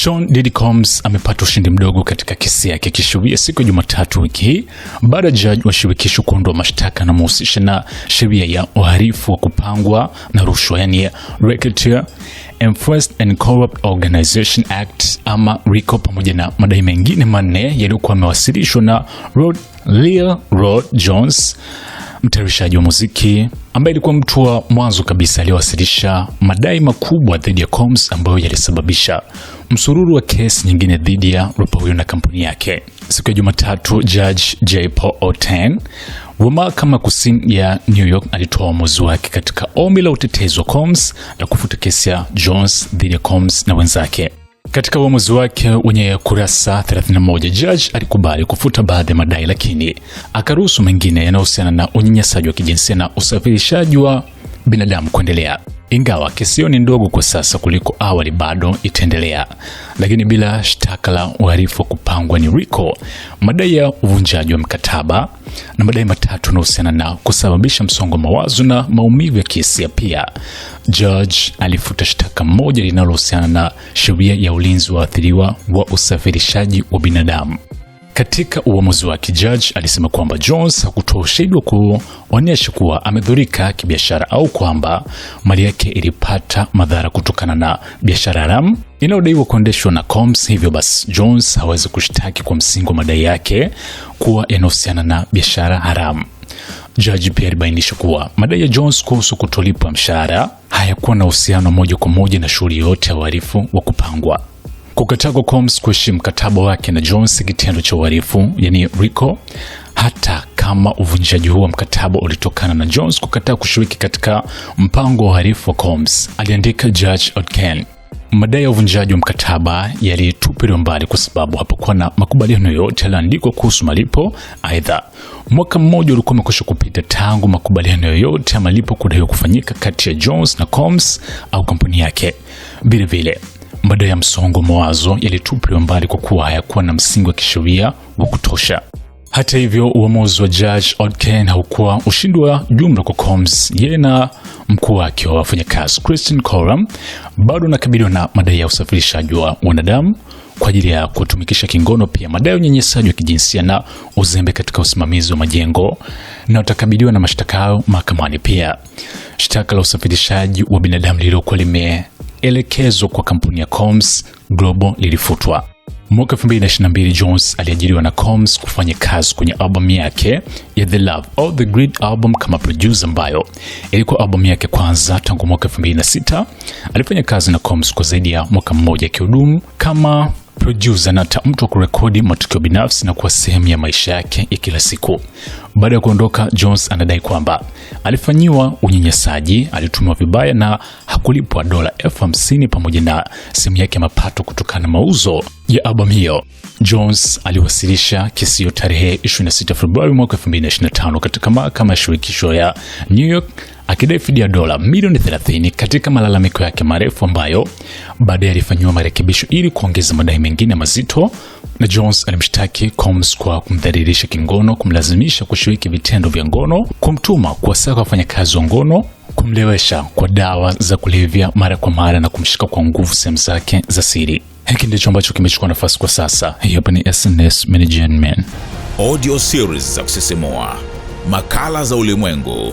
Sean Diddy Combs amepata ushindi mdogo katika kesi yake kisheria siku ya Jumatatu wiki hii baada ya jaji wa shirikisho kuondoa mashtaka anamhusisha na sheria ya uhalifu wa kupangwa na rushwa, yani Racketeer Enforced and Corrupt Organization Act ama RICO, pamoja na madai mengine manne yaliyokuwa yamewasilishwa na Rod Lil Rod Jones mtayarishaji wa muziki ambaye alikuwa mtu wa mwanzo kabisa aliyowasilisha madai makubwa dhidi ya Combs ambayo yalisababisha msururu wa kesi nyingine dhidi ya rapa huyo na kampuni yake. Siku ya Jumatatu, Judge J. Paul Oten wa mahakama kusini ya New York alitoa uamuzi wake katika ombi la utetezi wa Combs la kufuta kesi ya Jones dhidi ya Combs na wenzake. Katika uamuzi wake wenye kurasa 31, judge alikubali kufuta baadhi ya madai, lakini akaruhusu mengine yanayohusiana na unyanyasaji wa kijinsia na usafirishaji wa binadamu kuendelea ingawa kisio ni ndogo kwa sasa kuliko awali, bado itaendelea, lakini bila shtaka la uharifu wa kupangwa ni RICO, madai ya uvunjaji wa mkataba na madai matatu yanahusiana na kusababisha msongo wa mawazo na maumivu ya kihisia. Pia George alifuta shtaka moja linalohusiana na sheria ya ulinzi wa athiriwa wa usafirishaji wa binadamu. Katika uamuzi wake kijaji alisema kwamba Jones hakutoa ushahidi wa kuonyesha kuwa amedhurika kibiashara au kwamba mali yake ilipata madhara kutokana na biashara haramu inayodaiwa kuendeshwa na Combs. Hivyo basi Jones hawezi kushtaki kwa msingi wa madai yake kuwa yanahusiana na biashara haramu. Jaji pia alibainisha kuwa madai ya Jones kuhusu kutolipwa mshahara hayakuwa na uhusiano moja kwa moja na shughuli yoyote ya uhalifu wa kupangwa. Kukataa kwa Combs kuheshimu mkataba wake na Jones kitendo cha uhalifu, yani RICO, hata kama uvunjaji huo wa mkataba ulitokana na Jones kukataa kushiriki katika mpango wa uhalifu wa Combs, aliandika Judge Odken. Madai ya uvunjaji wa mkataba yalitupiliwa mbali kwa sababu hapakuwa na makubaliano yoyote yaliyoandikwa kuhusu malipo. Aidha, mwaka mmoja ulikuwa umekwisha kupita tangu makubaliano yoyote ya malipo kudaiwa kufanyika kati ya Jones na Combs au kampuni yake. Vilevile madai ya msongo mawazo yalitupiliwa mbali kwa kuwa hayakuwa na msingi wa kisheria wa kutosha. Hata hivyo, uamuzi wa Judge Odken haukuwa ushindi wa jumla kwa Combs. Yeye na mkuu wake wa wafanyakazi Christian Coram bado anakabiliwa na madai ya usafirishaji wa wanadamu kwa ajili ya kutumikisha kingono, pia madai ya unyanyasaji wa kijinsia na uzembe katika usimamizi wa majengo, na utakabiliwa na mashtaka hayo mahakamani. Pia shtaka la usafirishaji wa binadamu lililokuwa lime Elekezo kwa kampuni ya Coms Global lilifutwa. Mwaka 2022 Jones aliajiriwa na coms kufanya kazi kwenye albamu yake ya The Love of the Grid album kama producer, ambayo ilikuwa albamu yake kwanza tangu mwaka 2006. Alifanya kazi na coms kwa zaidi ya mwaka mmoja akihudumu kama producer na hata mtu wa kurekodi matukio binafsi na kuwa sehemu ya maisha yake ya kila siku. Baada ya kuondoka, Jones anadai kwamba alifanyiwa unyanyasaji, alitumiwa vibaya na hakulipwa dola elfu hamsini pamoja na sehemu yake ya mapato kutokana na mauzo ya albamu hiyo. Jones aliwasilisha kesi hiyo tarehe 26 Februari mwaka 2025 katika mahakama ya shirikisho ya New York akidai fidia dola milioni 30 katika malalamiko yake marefu ambayo baadaye alifanyiwa marekebisho ili kuongeza madai mengine mazito. Na Jones alimshtaki Combs kwa kumdhalilisha kingono, kumlazimisha kushiriki vitendo vya ngono, kumtuma kuwasaka wafanyakazi wa ngono kumlewesha kwa dawa za kulevya mara kwa mara na kumshika kwa nguvu sehemu zake za siri. Hiki ndicho ambacho kimechukua nafasi kwa sasa. hapa ni SNS Management, audio series za kusisimua, makala za ulimwengu